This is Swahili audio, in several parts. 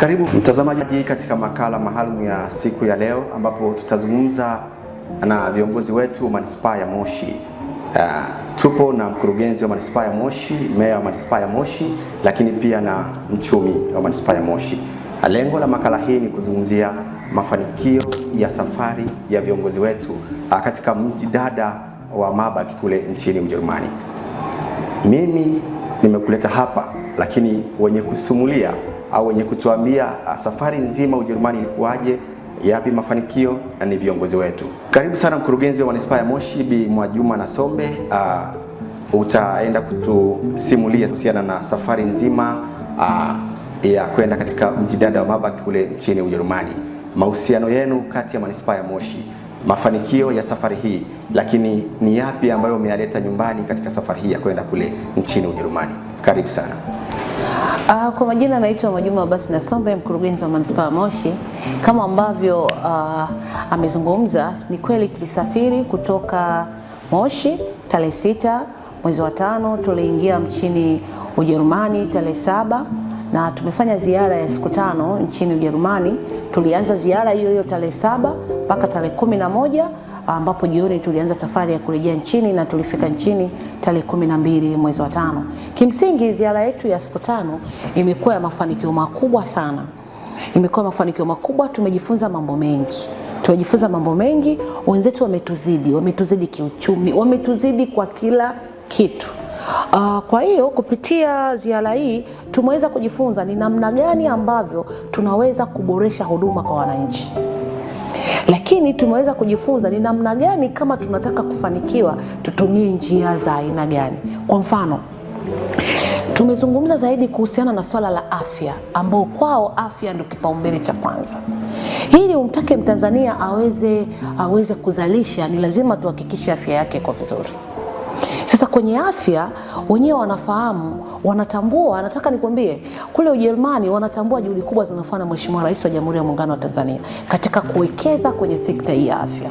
Karibu mtazamaji katika makala maalum ya siku ya leo ambapo tutazungumza na viongozi wetu wa manispaa ya Moshi. Uh, tupo na mkurugenzi wa manispaa ya Moshi, meya wa manispaa ya Moshi, lakini pia na mchumi wa manispaa ya Moshi. Ah, lengo la makala hii ni kuzungumzia mafanikio ya safari ya viongozi wetu uh, katika dada wa mabaki kule nchini Ujerumani. Mimi nimekuleta hapa, lakini wenye kusumulia au wenye kutuambia ah, safari nzima Ujerumani ilikuwaje, yapi mafanikio na ni viongozi wetu. Karibu sana mkurugenzi wa manispaa ya Moshi Bi Mwajuma Nasombe. Uh, utaenda kutusimulia kuhusiana na safari nzima uh, ya kwenda katika mjidada wa Mabach kule nchini Ujerumani, mahusiano yenu kati ya manispaa ya Moshi, mafanikio ya safari hii, lakini ni yapi ambayo umeyaleta nyumbani katika safari hii ya kwenda kule nchini Ujerumani? Karibu sana. Uh, kwa majina naitwa Mwajuma Abasi Nasombe, mkurugenzi wa manispaa ya Moshi. Kama ambavyo uh, amezungumza, ni kweli tulisafiri kutoka Moshi tarehe sita mwezi wa tano, tuliingia mchini Ujerumani tarehe saba na tumefanya ziara ya siku tano nchini Ujerumani. Tulianza ziara hiyo hiyo tarehe saba mpaka tarehe kumi na moja Ah, ambapo jioni tulianza safari ya kurejea nchini na tulifika nchini tarehe kumi na mbili mwezi wa tano. Kimsingi ziara yetu ya siku tano imekuwa ya mafanikio makubwa sana, imekuwa mafanikio makubwa. Tumejifunza mambo mengi tumejifunza mambo mengi. Wenzetu wametuzidi, wametuzidi kiuchumi, wametuzidi kwa kila kitu. Uh, kwa hiyo kupitia ziara hii tumeweza kujifunza ni namna gani ambavyo tunaweza kuboresha huduma kwa wananchi lakini tumeweza kujifunza ni namna gani, kama tunataka kufanikiwa tutumie njia za aina gani. Kwa mfano tumezungumza zaidi kuhusiana na swala la afya, ambao kwao afya ndio kipaumbele cha kwanza. Ili umtake Mtanzania aweze aweze kuzalisha, ni lazima tuhakikishe afya yake iko vizuri. Sasa kwenye afya wenyewe wanafahamu, wanatambua. Nataka nikwambie kule Ujerumani wanatambua juhudi kubwa zinazofanywa na Mheshimiwa Rais wa Jamhuri ya Muungano wa Tanzania katika kuwekeza kwenye sekta hii ya afya.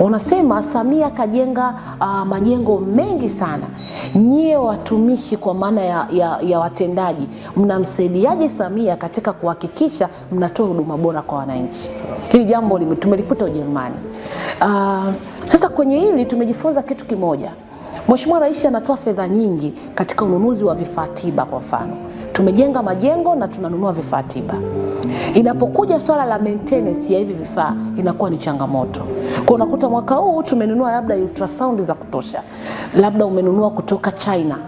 Wanasema Samia kajenga uh, majengo mengi sana. Nyie watumishi kwa maana ya, ya, ya watendaji, mnamsaidiaje Samia katika kuhakikisha mnatoa huduma bora kwa wananchi? Hili jambo tumelikuta Ujerumani. Uh, sasa kwenye hili tumejifunza kitu kimoja Mheshimiwa Rais anatoa fedha nyingi katika ununuzi wa vifaa tiba. Kwa mfano, tumejenga majengo na tunanunua vifaa tiba. Inapokuja swala la maintenance ya hivi vifaa inakuwa ni changamoto. Kwa unakuta mwaka huu tumenunua labda ultrasound za kutosha, labda umenunua kutoka China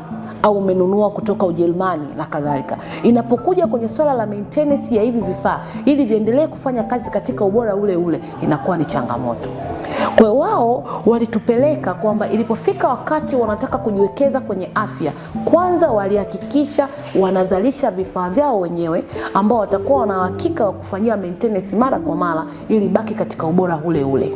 au umenunua kutoka Ujerumani na kadhalika. Inapokuja kwenye swala la maintenance ya hivi vifaa ili viendelee kufanya kazi katika ubora ule ule, inakuwa ni changamoto. Kwa wao walitupeleka kwamba ilipofika wakati wanataka kujiwekeza kwenye afya, kwanza walihakikisha wanazalisha vifaa vyao wenyewe ambao watakuwa wana uhakika wa kufanyia maintenance mara kwa mara ili baki katika ubora ule ule.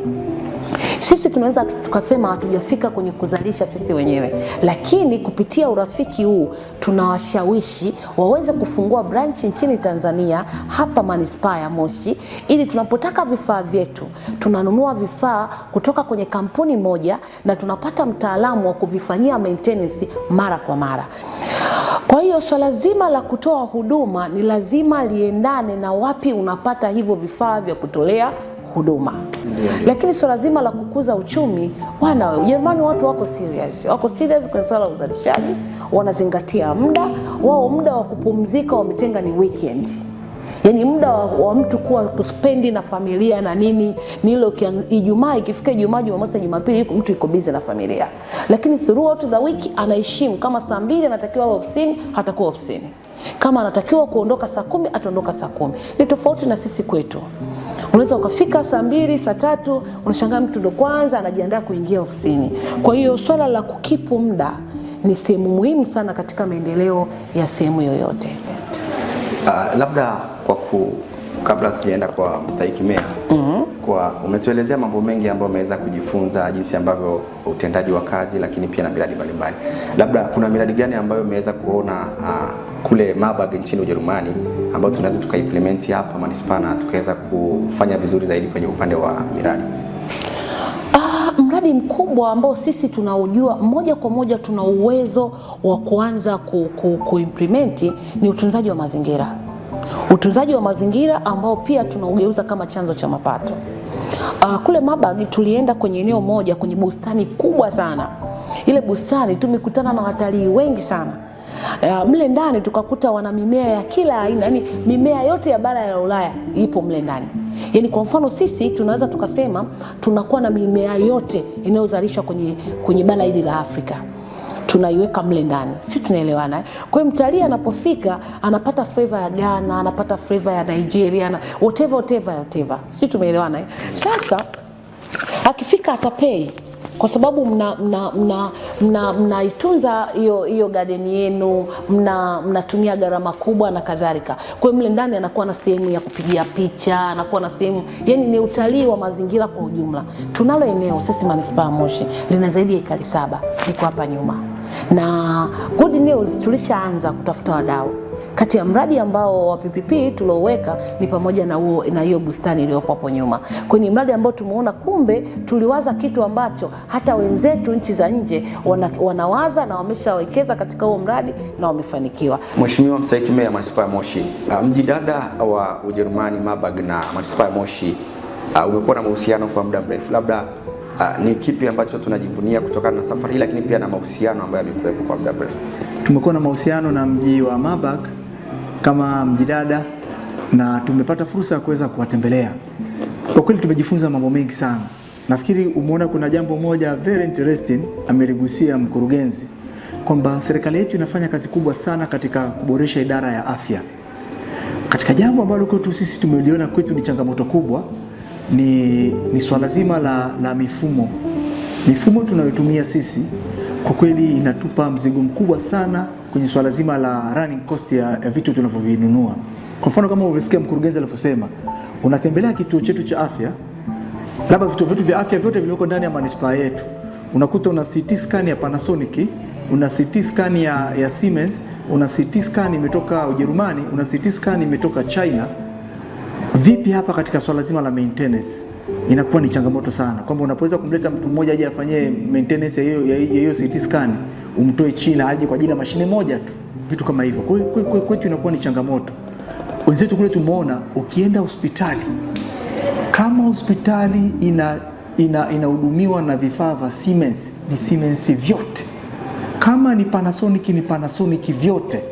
Sisi tunaweza tukasema hatujafika kwenye kuzalisha sisi wenyewe, lakini kupitia urafiki huu tunawashawishi waweze kufungua branch nchini Tanzania, hapa manispaa ya Moshi, ili tunapotaka vifaa vyetu tunanunua vifaa kutoka kwenye kampuni moja na tunapata mtaalamu wa kuvifanyia maintenance mara kwa mara. Kwa hiyo swala so zima la kutoa huduma ni lazima liendane na wapi unapata hivyo vifaa vya kutolea huduma Lakini swala zima la kukuza uchumi, wana Ujerumani watu wako serious, wako serious kwenye swala la uzalishaji, wanazingatia muda wao. Muda wa kupumzika wametenga ni weekend yani muda wa, wa mtu kuwa kuspendi na familia na nini nilo Ijumaa ikifika Ijumaa, Jumamosi, Jumapili mtu iko busy na familia, lakini throughout the week anaheshimu. Kama saa mbili anatakiwa ofisini, hatakuwa ofisini. Kama anatakiwa kuondoka saa kumi, ataondoka saa kumi. Ni tofauti na sisi kwetu. Unaweza ukafika saa mbili saa tatu, unashangaa mtu ndo kwanza anajiandaa kuingia ofisini. Kwa hiyo swala la kukipu muda ni sehemu muhimu sana katika maendeleo ya sehemu yoyote. Uh, labda kwa ku kabla tujaenda kwa mstahiki meya mm -hmm. kwa umetuelezea mambo mengi ambayo umeweza kujifunza jinsi ambavyo utendaji wa kazi, lakini pia na miradi mbalimbali, labda kuna miradi gani ambayo umeweza kuona uh, kule Marburg nchini Ujerumani ambayo tunaweza tukaimplement hapa manispaa na tukaweza kufanya vizuri zaidi kwenye upande wa miradi? Ah, mradi mkubwa ambao sisi tunaujua moja kwa moja tuna uwezo wa kuanza ku, ku, implementi ni utunzaji wa mazingira utunzaji wa mazingira ambao pia tunaugeuza kama chanzo cha mapato. Uh, kule Mabag tulienda kwenye eneo moja kwenye bustani kubwa sana. Ile bustani tumekutana na watalii wengi sana. Uh, mle ndani tukakuta wana mimea ya kila aina, yani mimea yote ya bara la Ulaya ipo mle ndani. yani kwa mfano sisi tunaweza tukasema tunakuwa na mimea yote inayozalishwa kwenye, kwenye bara hili la Afrika tunaiweka mle ndani, si tunaelewana eh? Kwa hiyo mtalii anapofika anapata flavor ya Ghana, anapata flavor ya Nigeria na whatever whatever whatever, si tumeelewana eh? Sasa akifika atapei kwa sababu mnaitunza mna, mna, mna, mna hiyo gadeni yenu, mnatumia mna gharama kubwa na kadhalika. Kwa hiyo mle ndani anakuwa na sehemu ya kupigia picha, anakuwa na sehemu yani, ni utalii wa mazingira kwa ujumla. Tunalo eneo sisi manispaa Moshi lina zaidi ya ekari saba, liko hapa nyuma na good news, tulishaanza kutafuta wadau kati ya mradi ambao wa PPP tulioweka ni pamoja na huo na hiyo bustani iliyopo hapo nyuma. Kwa ni mradi ambao tumeona kumbe tuliwaza kitu ambacho hata wenzetu nchi za nje wana, wanawaza na wameshawekeza katika huo mradi na wamefanikiwa. Mheshimiwa Mstahiki Meya Manispaa ya Moshi, uh, mji dada wa Ujerumani Marburg na Manispaa ya Moshi uh, umekuwa na mahusiano kwa muda mrefu, labda uh, ni kipi ambacho tunajivunia kutokana na safari hii, lakini pia na mahusiano ambayo yamekuwepo kwa muda mrefu. Tumekuwa na mahusiano na mji wa Mabak kama mjidada na tumepata fursa ya kuweza kuwatembelea. Kwa kweli tumejifunza mambo mengi sana. Nafikiri umeona kuna jambo moja very interesting ameligusia mkurugenzi kwamba serikali yetu inafanya kazi kubwa sana katika kuboresha idara ya afya, katika jambo ambalo kwetu sisi tumeliona kwetu ni changamoto kubwa ni, ni swala zima la, la mifumo. Mifumo tunayotumia sisi kwa kweli inatupa mzigo mkubwa sana kwenye swala zima la running cost ya, ya vitu tunavyovinunua. Kwa mfano kama umesikia mkurugenzi alivyosema, unatembelea kituo chetu cha afya, labda vituo vyetu vya afya vyote vilivyoko ndani ya manispaa yetu, unakuta una CT scan ya Panasonic, una CT scan ya, ya Siemens, una CT scan imetoka Ujerumani, una CT scan imetoka China Vipi hapa katika swala zima la maintenance inakuwa ni changamoto sana, kwamba unapoweza kumleta mtu mmoja aje afanyie maintenance ya hiyo CT scan, umtoe China aje kwa ajili ya mashine moja tu, vitu kama hivyo. Kwa hiyo kwetu inakuwa ni changamoto. Wenzetu kule tumeona, ukienda hospitali kama hospitali ina inahudumiwa na vifaa vya Siemens, ni Siemens vyote. Kama ni Panasonic, ni Panasonic vyote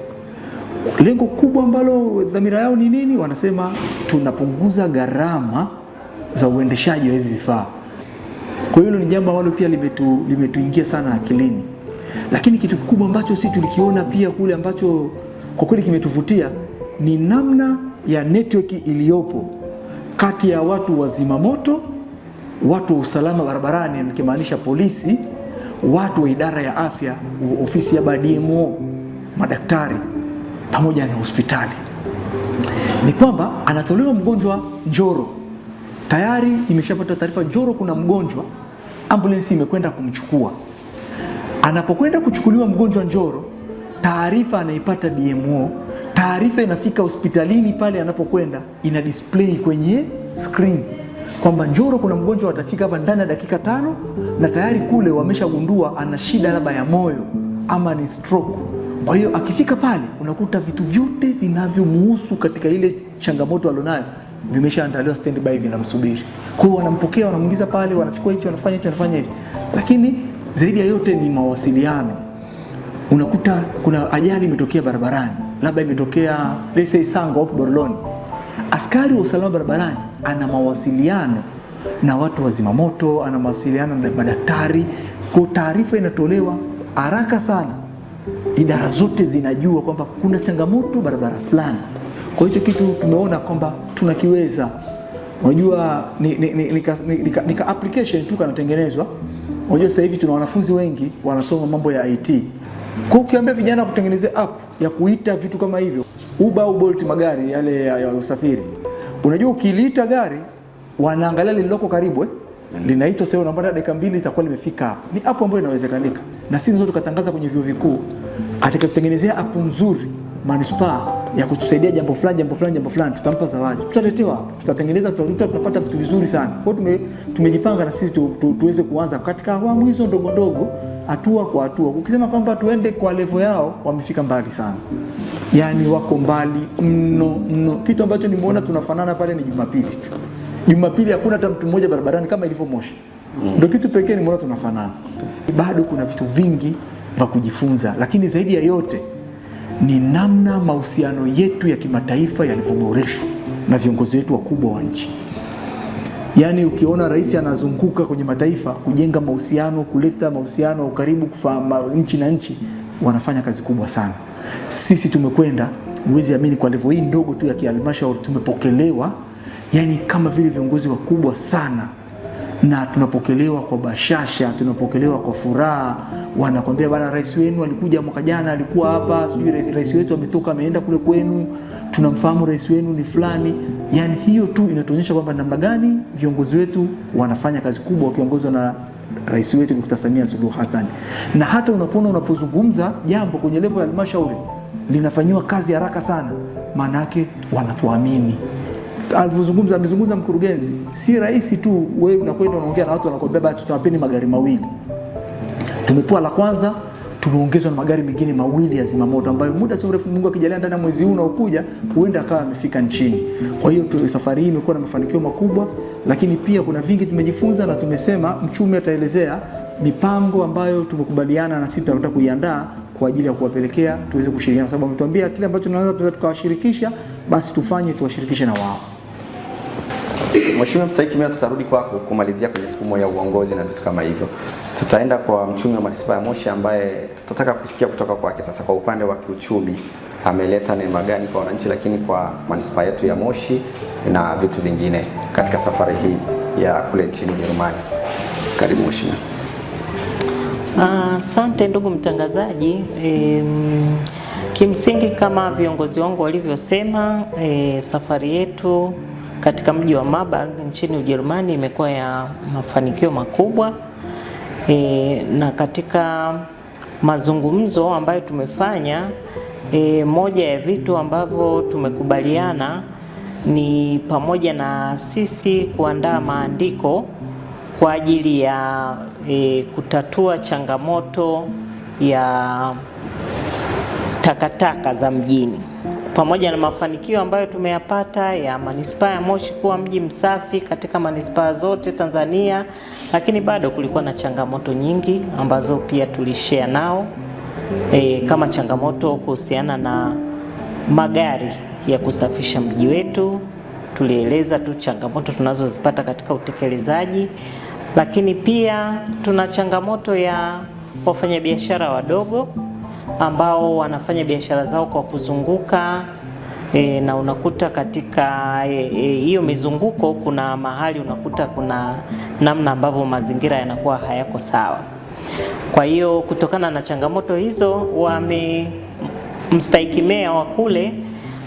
lengo kubwa ambalo dhamira yao ni nini? Wanasema tunapunguza gharama za uendeshaji wa hivi vifaa. Kwa hiyo hilo ni jambo ambalo pia limetu, limetuingia sana akilini, lakini kitu kikubwa ambacho sisi tulikiona pia kule ambacho kwa kweli kimetuvutia ni namna ya network iliyopo kati ya watu wa zimamoto, watu wa usalama barabarani, nikimaanisha polisi, watu wa idara ya afya, ofisi ya BADMO, madaktari pamoja na hospitali ni kwamba anatolewa mgonjwa Njoro, tayari imeshapata taarifa Njoro kuna mgonjwa, ambulensi imekwenda kumchukua. Anapokwenda kuchukuliwa mgonjwa Njoro, taarifa anaipata DMO, taarifa inafika hospitalini pale anapokwenda, ina display kwenye screen kwamba Njoro kuna mgonjwa atafika hapa ndani ya dakika tano, na tayari kule wameshagundua ana shida labda ya moyo ama ni stroke kwa hiyo akifika pale unakuta vitu vyote vinavyomuhusu katika ile changamoto alionayo vimeshaandaliwa standby, vinamsubiri. Kwa hiyo wanampokea, wanamuingiza pale, wanachukua hicho, wanafanya hicho, wanafanya hicho, Lakini zaidi ya yote ni mawasiliano. Unakuta kuna ajali imetokea barabarani, labda imetokea let's say Sango au Kiboroloni, askari wa usalama barabarani ana mawasiliano na watu wa zimamoto, ana mawasiliano na madaktari, kwa taarifa inatolewa haraka sana idara zote zinajua kwamba kuna changamoto barabara fulani. Kwa hicho kitu tumeona kwamba tunakiweza. Unajua ni, ni, ni, ni, ni, ni, ni application tu kanatengenezwa. Unajua sasa hivi tuna wanafunzi wengi wanasoma mambo ya IT. Kwa ukiambia vijana kutengeneza app ya kuita vitu kama hivyo, Uber au Bolt, magari yale ya, ya usafiri. Unajua ukiliita gari wanaangalia lililoko karibu eh? Linaitwa sasa, unaomba dakika mbili itakuwa limefika hapo. Ni app ambayo inawezekanika, na sisi ndio tukatangaza kwenye vyuo vikuu atakayotengenezea apu nzuri manispaa ya kutusaidia jambo fulani jambo fulani jambo fulani, tutampa zawadi, tutaletewa hapo, tutatengeneza, tutakuta tunapata vitu vizuri sana. Kwa hiyo tumejipanga na sisi tu, tu, tuweze kuanza katika awamu hizo ndogo ndogo, hatua kwa hatua. Ukisema kwamba tuende kwa levo yao, wamefika mbali sana, yani wako mbali mno mno. Kitu ambacho nimeona tunafanana pale ni Jumapili tu. Jumapili hakuna hata mtu mmoja barabarani kama ilivyo Moshi, ndio kitu pekee nimeona tunafanana. Bado kuna vitu vingi pa kujifunza, lakini zaidi ya yote ni namna mahusiano yetu ya kimataifa yalivyoboreshwa na viongozi wetu wakubwa wa nchi. Yaani, ukiona rais anazunguka kwenye mataifa kujenga mahusiano, kuleta mahusiano ya ukaribu, kufahamu nchi na nchi, wanafanya kazi kubwa sana. Sisi tumekwenda, huwezi amini, kwa levo hii ndogo tu ya kihalmashauri tumepokelewa, yani kama vile viongozi wakubwa sana na tunapokelewa kwa bashasha, tunapokelewa kwa furaha. Wanakwambia bana, rais wenu alikuja mwaka jana, alikuwa hapa, sijui rais, rais wetu ametoka ameenda kule kwenu, tunamfahamu rais wenu ni fulani. Yani hiyo tu inatuonyesha kwamba namna gani viongozi wetu wanafanya kazi kubwa wakiongozwa na rais wetu Dkt. Samia Suluhu Hassan. Na hata unapona unapozungumza jambo kwenye levo ya halmashauri linafanyiwa kazi haraka sana, maana yake wanatuamini alivyozungumza amezungumza mkurugenzi, si rahisi tu wewe unakwenda unaongea na watu wanakuambia basi tutawapeni magari mawili. Tumepoa la kwanza, tumeongezwa na magari mengine mawili ya zimamoto ambayo muda sio mrefu, Mungu akijalia, ndani ya mwezi huu unaokuja huenda akawa amefika nchini. Kwa hiyo safari hii imekuwa na mafanikio makubwa, lakini pia kuna vingi tumejifunza, na tumesema mchumi ataelezea mipango ambayo tumekubaliana na sisi tunataka kuiandaa kwa ajili ya kuwapelekea tuweze kushirikiana, kwa sababu ametuambia kile ambacho tunaweza tukawashirikisha, basi tufanye tuwashirikishe na wao. Mheshimiwa Mstahiki, mimi tutarudi kwako kumalizia kwenye sifumo ya uongozi na vitu kama hivyo. Tutaenda kwa mchumi wa manispaa ya Moshi ambaye tutataka kusikia kutoka kwake sasa, kwa upande wa kiuchumi ameleta neema gani kwa wananchi, lakini kwa manispaa yetu ya Moshi na vitu vingine katika safari hii ya kule nchini Ujerumani. Karibu mheshimiwa. Asante uh, ndugu mtangazaji e, kimsingi kama viongozi wangu walivyosema, e, safari yetu katika mji wa Marburg nchini Ujerumani imekuwa ya mafanikio makubwa e, na katika mazungumzo ambayo tumefanya e, moja ya vitu ambavyo tumekubaliana ni pamoja na sisi kuandaa maandiko kwa ajili ya e, kutatua changamoto ya takataka za mjini pamoja na mafanikio ambayo tumeyapata ya manispaa ya Moshi kuwa mji msafi katika manispaa zote Tanzania, lakini bado kulikuwa na changamoto nyingi ambazo pia tulishare nao e, kama changamoto kuhusiana na magari ya kusafisha mji wetu. Tulieleza tu changamoto tunazozipata katika utekelezaji, lakini pia tuna changamoto ya wafanyabiashara wadogo ambao wanafanya biashara zao kwa kuzunguka e, na unakuta katika hiyo e, e, mizunguko kuna mahali unakuta kuna namna ambavyo mazingira yanakuwa hayako sawa. Kwa hiyo kutokana na changamoto hizo, wamemstahiki meya wa kule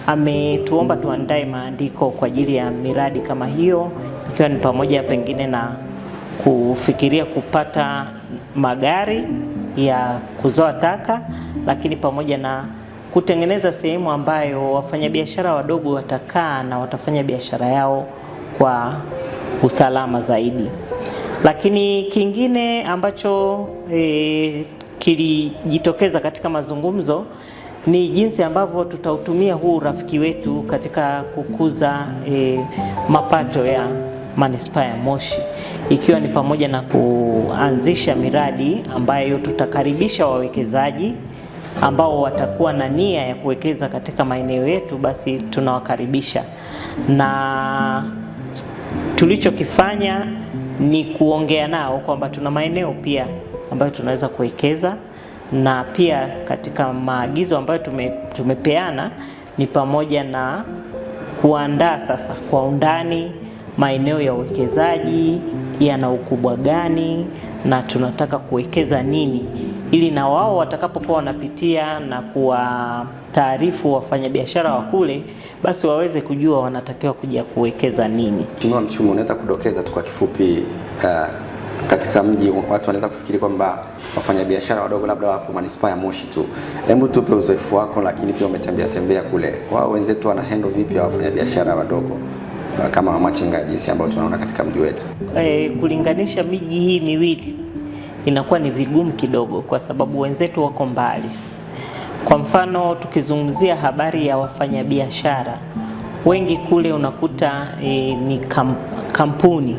ametuomba tuandae maandiko kwa ajili ya miradi kama hiyo, ikiwa ni pamoja pengine na kufikiria kupata magari ya kuzoa taka, lakini pamoja na kutengeneza sehemu ambayo wafanyabiashara wadogo watakaa na watafanya biashara yao kwa usalama zaidi. Lakini kingine ambacho e, kilijitokeza katika mazungumzo ni jinsi ambavyo tutautumia huu urafiki wetu katika kukuza e, mapato ya manispaa ya Moshi, ikiwa ni pamoja na kuanzisha miradi ambayo tutakaribisha wawekezaji ambao watakuwa na nia ya kuwekeza katika maeneo yetu, basi tunawakaribisha. Na tulichokifanya ni kuongea nao kwamba tuna maeneo pia ambayo tunaweza kuwekeza, na pia katika maagizo ambayo tume, tumepeana ni pamoja na kuandaa sasa kwa undani maeneo ya uwekezaji yana ukubwa gani na tunataka kuwekeza nini, ili na wao watakapokuwa wanapitia na kuwa taarifu wafanyabiashara wa kule, basi waweze kujua wanatakiwa kuja kuwekeza nini. Mheshimiwa Mchumi, unaweza kudokeza tu kwa kifupi uh, katika mji watu wanaweza kufikiri kwamba wafanyabiashara wadogo labda wapo manispaa ya Moshi tu. Hebu tupe uzoefu wako, lakini pia umetembea tembea kule, wao wenzetu wana handle vipi wafanyabiashara wadogo? Uh, kama Wamachinga jinsi ambayo tunaona katika mji wetu. E, kulinganisha miji hii miwili inakuwa ni vigumu kidogo, kwa sababu wenzetu wako mbali. Kwa mfano tukizungumzia habari ya wafanyabiashara wengi kule unakuta e, ni kampuni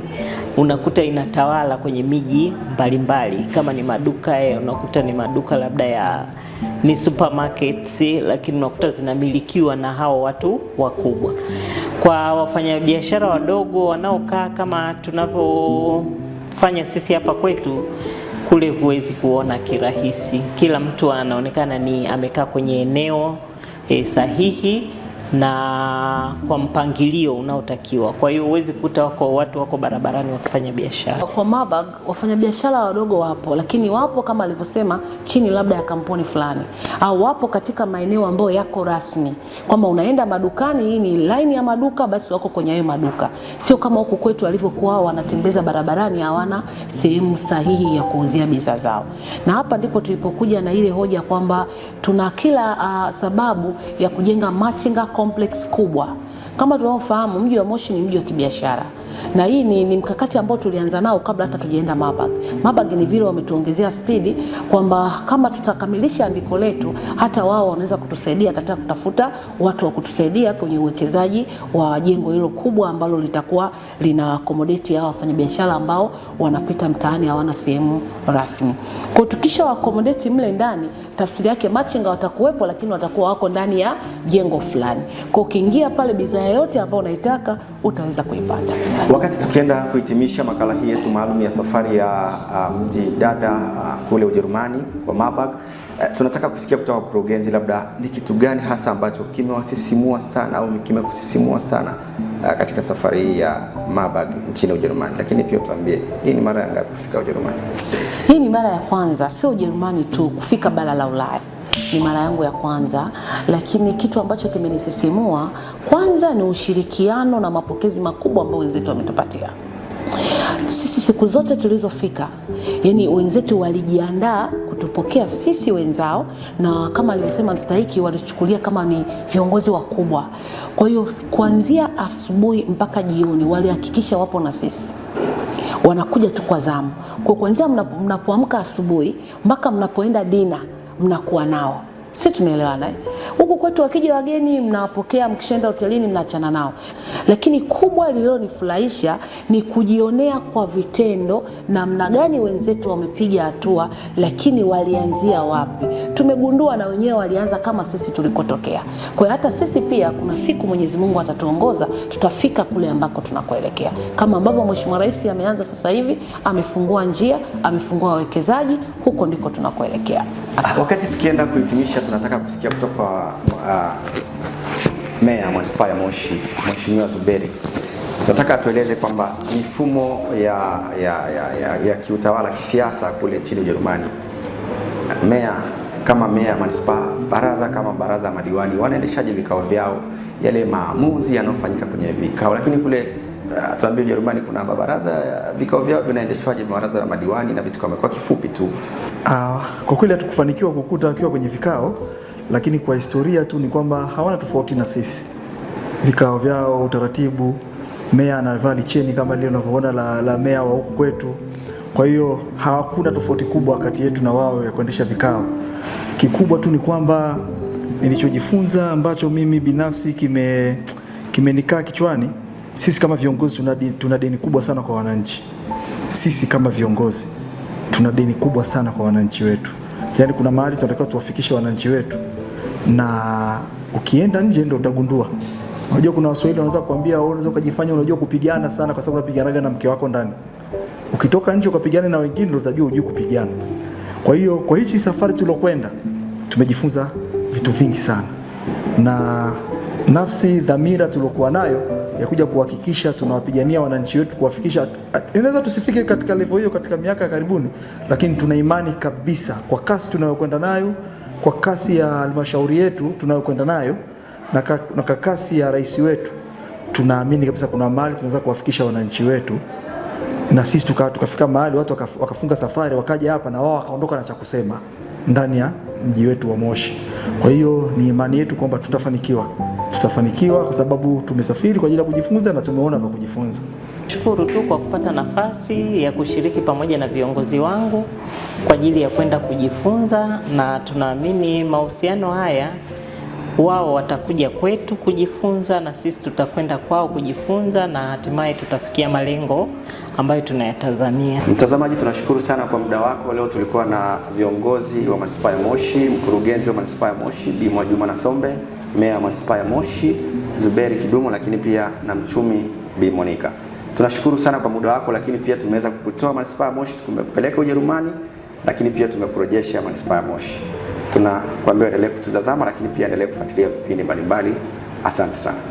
unakuta inatawala kwenye miji mbalimbali. Kama ni maduka eh, unakuta ni maduka labda ya ni supermarkets, lakini unakuta zinamilikiwa na hao watu wakubwa. Kwa wafanyabiashara wadogo wanaokaa kama tunavyofanya sisi hapa kwetu kule huwezi kuona kirahisi. Kila mtu anaonekana ni amekaa kwenye eneo e, sahihi na kwa mpangilio unaotakiwa. Kwa hiyo huwezi kuta wako watu wako barabarani wakifanya biashara. Kwa Mabag wafanyabiashara wadogo wapo, lakini wapo kama alivyosema chini labda ya kampuni fulani, au wapo katika maeneo ambayo yako rasmi, kwamba unaenda madukani, hii ni line ya maduka, basi wako kwenye hayo maduka, sio kama huku kwetu walivyokuwa wanatembeza barabarani, hawana sehemu sahihi ya kuuzia bidhaa zao. Na hapa ndipo tulipokuja na ile hoja kwamba tuna kila uh, sababu ya kujenga machinga complex kubwa. Kama tunavyofahamu mji wa Moshi ni mji wa kibiashara na hii ni, ni mkakati ambao tulianza nao kabla hata tujaenda Mabag. Mabag ni vile wametuongezea spidi kwamba kama tutakamilisha andiko letu, hata wao wanaweza kutusaidia katika kutafuta watu wa kutusaidia kwenye uwekezaji wa jengo hilo kubwa ambalo litakuwa lina accommodate hao wafanyabiashara ambao wanapita mtaani hawana sehemu rasmi. Kwa tukisha accommodate mle ndani tafsiri yake machinga watakuwepo, lakini watakuwa wako ndani ya jengo fulani. Kwa ukiingia pale, bidhaa yoyote ambayo unaitaka utaweza kuipata. Wakati tukienda kuhitimisha makala hii yetu maalum ya safari ya ah, mji um, dada uh, kule Ujerumani kwa Marburg uh, tunataka kusikia kutoka kwa mkurugenzi, labda ni kitu gani hasa ambacho kimewasisimua sana au kimekusisimua sana Ah, katika safari hii ya Marburg nchini Ujerumani. Lakini pia tuambie, hii ni mara ya ngapi kufika Ujerumani? Hii ni mara ya kwanza, sio Ujerumani tu, kufika bara la Ulaya ni mara yangu ya kwanza, lakini kitu ambacho kimenisisimua kwanza ni ushirikiano na mapokezi makubwa ambayo wenzetu wametupatia sisi siku zote tulizofika, yani wenzetu walijiandaa kutupokea sisi wenzao, na kama alivyosema mstahiki, walichukulia kama ni viongozi wakubwa. Kwa hiyo kuanzia asubuhi mpaka jioni walihakikisha wapo na sisi, wanakuja tu kwa zamu, kwa kuanzia mnapoamka asubuhi mpaka mnapoenda dina mnakuwa nao, si tumeelewana eh? Huku kwetu wakija wageni mnawapokea, mkishaenda hotelini mnaachana nao. Lakini kubwa lililonifurahisha ni kujionea kwa vitendo namna gani wenzetu wamepiga hatua, lakini walianzia wapi. Tumegundua na wenyewe walianza kama sisi tulikotokea. Kwa hiyo hata sisi pia kuna siku Mwenyezi Mungu atatuongoza, tutafika kule ambako tunakoelekea, kama ambavyo Mheshimiwa Rais ameanza sasa hivi, amefungua njia, amefungua wawekezaji, huko ndiko tunakoelekea. Wakati tukienda kuhitimisha, tunataka kusikia kutoka uh, meya wa manispaa ya Moshi Mheshimiwa Zuberi, nataka atueleze kwamba mifumo ya, ya, ya, ya, ya kiutawala kisiasa kule nchini Ujerumani, meya kama meya ya manispaa, baraza kama baraza ya madiwani, wanaendeshaje vikao vyao, yale maamuzi yanayofanyika kwenye vikao. Lakini kule uh, ah, tuambie Ujerumani kuna mabaraza, vikao vyao vinaendeshwaje, baraza la madiwani na vitu kama. Kwa kifupi tu, uh, kwa kweli hatukufanikiwa kukuta wakiwa kwenye vikao lakini kwa historia tu ni kwamba hawana tofauti na sisi, vikao vyao, utaratibu, meya anavaa licheni kama lile unavyoona la, la meya wa huku kwetu. Kwa hiyo hawakuna tofauti kubwa kati yetu na wao ya kuendesha vikao. Kikubwa tu ni kwamba nilichojifunza ambacho mimi binafsi kime kimenikaa kichwani, sisi kama viongozi tuna deni, tuna deni kubwa sana kwa wananchi. Sisi kama viongozi tuna deni kubwa sana kwa wananchi wetu, yaani kuna mahali tunatakiwa tuwafikishe wananchi wetu na ukienda nje ndio utagundua. Unajua kuna Waswahili wanaweza kukuambia wewe unaweza kujifanya unajua kupigana sana kwa sababu unapiganaga na mke wako ndani. Ukitoka nje ukapigana na wengine ndio utajua unajua kupigana. Kwa hiyo kwa hichi safari tulokwenda tumejifunza vitu vingi sana. Na nafsi dhamira tulokuwa nayo ya kuja kuhakikisha tunawapigania wananchi wetu kuwafikisha, inaweza tusifike katika level hiyo katika miaka ya karibuni, lakini tuna imani kabisa kwa kasi tunayokwenda nayo kwa kasi ya halmashauri yetu tunayokwenda nayo na kwa kasi ya rais wetu, tunaamini kabisa kuna mahali tunaweza kuwafikisha wananchi wetu, na sisi tuka, tukafika mahali watu wakafunga safari wakaja hapa na wao wakaondoka na cha kusema ndani ya mji wetu wa Moshi. Kwa hiyo ni imani yetu kwamba tutafanikiwa, tutafanikiwa kwa sababu tumesafiri kwa ajili ya kujifunza na tumeona vya kujifunza. Shukuru tu kwa kupata nafasi ya kushiriki pamoja na viongozi wangu kwa ajili ya kwenda kujifunza, na tunaamini mahusiano haya wao watakuja kwetu kujifunza na sisi tutakwenda kwao kujifunza na hatimaye tutafikia malengo ambayo tunayatazamia. Mtazamaji, tunashukuru sana kwa muda wako. Leo tulikuwa na viongozi wa manispaa ya Moshi, mkurugenzi wa manispaa ya Moshi Bi Mwajuma Nasombe, meya wa manispaa ya Moshi Zuberi Kidumo, lakini pia na mchumi Bi monika Tunashukuru sana kwa muda wako, lakini pia tumeweza kukutoa manispaa ya Moshi, tumekupeleka Ujerumani, lakini pia tumekurejesha manispaa ya Moshi. Tunakuambia endelee kututazama, lakini pia endelee kufuatilia vipindi mbalimbali. Asante sana.